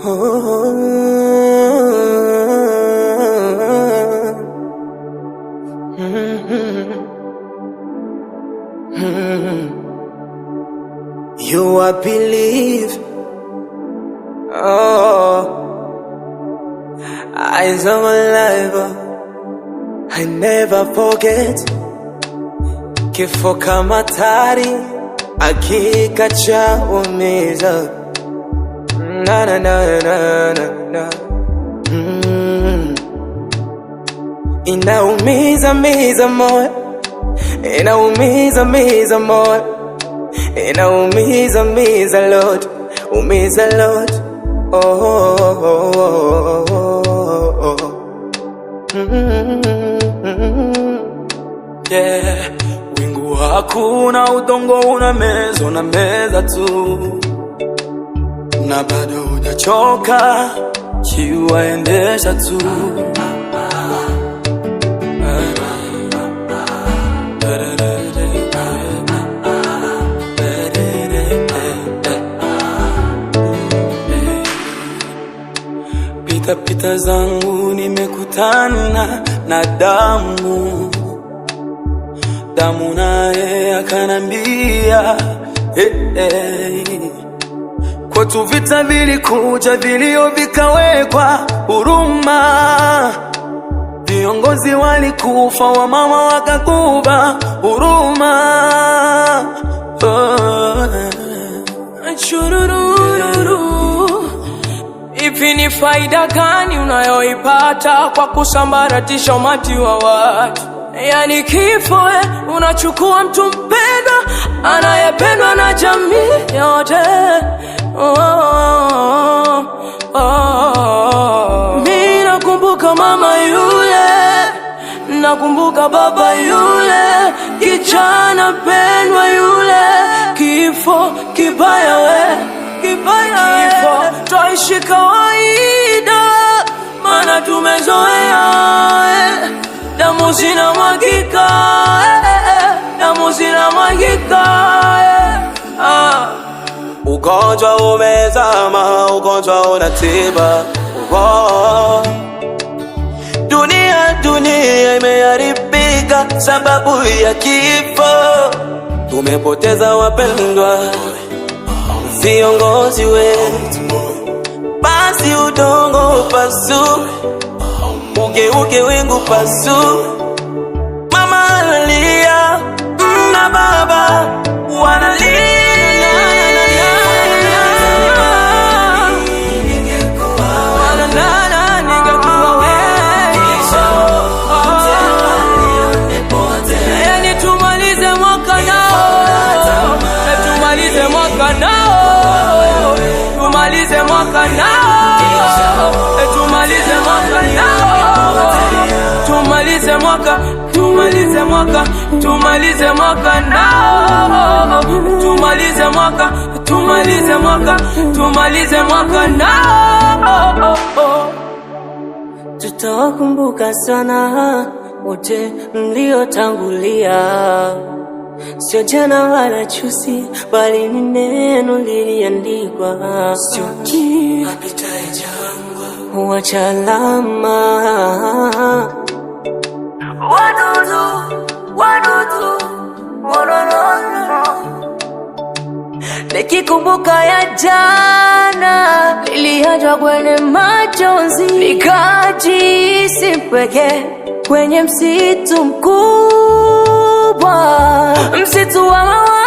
You I believe Oh Eyes of a life I never forget Kifoka matari tari Hakika cha umiza na na na na na na mm. Inaumiza miza moyo, inaumiza miza moyo, inaumiza miza lot, umiza lot oh, oh, oh, oh, oh. oh -hmm. Yeah. Wingu hakuna, udongo una meza, una meza tu na bado hujachoka, chiwaendesha tu Pita zangu nimekutana na damu damu, naye akanambia hey, hey kwetu vita vilikuja, vilio vikawekwa, huruma. Viongozi walikufa, wamama wakakuba, huruma. Eh. Churururu, ipi ni faida gani unayoipata kwa kusambaratisha umati wa watu? Yani kifo eh, unachukua mtu mpendwa, anayependwa na jamii yote oh, Mi nakumbuka mama yule, nakumbuka baba yule, kichana pendwa yule, kifo kibaya we, kibaya kifo twaishi kawaida, mana tumezoea damu zina mwagika, damu zina mwagika Ugonjwa umezama, ugonjwa unatiba. Oh, dunia dunia imeharibika sababu ya kifo. Tumepoteza wapendwa, viongozi wetu, basi udongo pasu, ugeuke wingu pasu. Mama analia mm, na baba wanalia mwaka nao, tumalize mwaka nao, tumalize mwaka, tumalize mwaka, tumalize mwaka nao, tumalize mwaka, tumalize mwaka, tumalize mwaka nao, tutawakumbuka sana wote mliotangulia. Sio jana wala chusi, bali ni neno liliandikwa, sio huacha alama. Wadudu, wadudu, nikikumbuka ya jana, niliachwa kwenye machozi, nikajihisi mpweke kwenye msitu mkubwa msitu wa mawa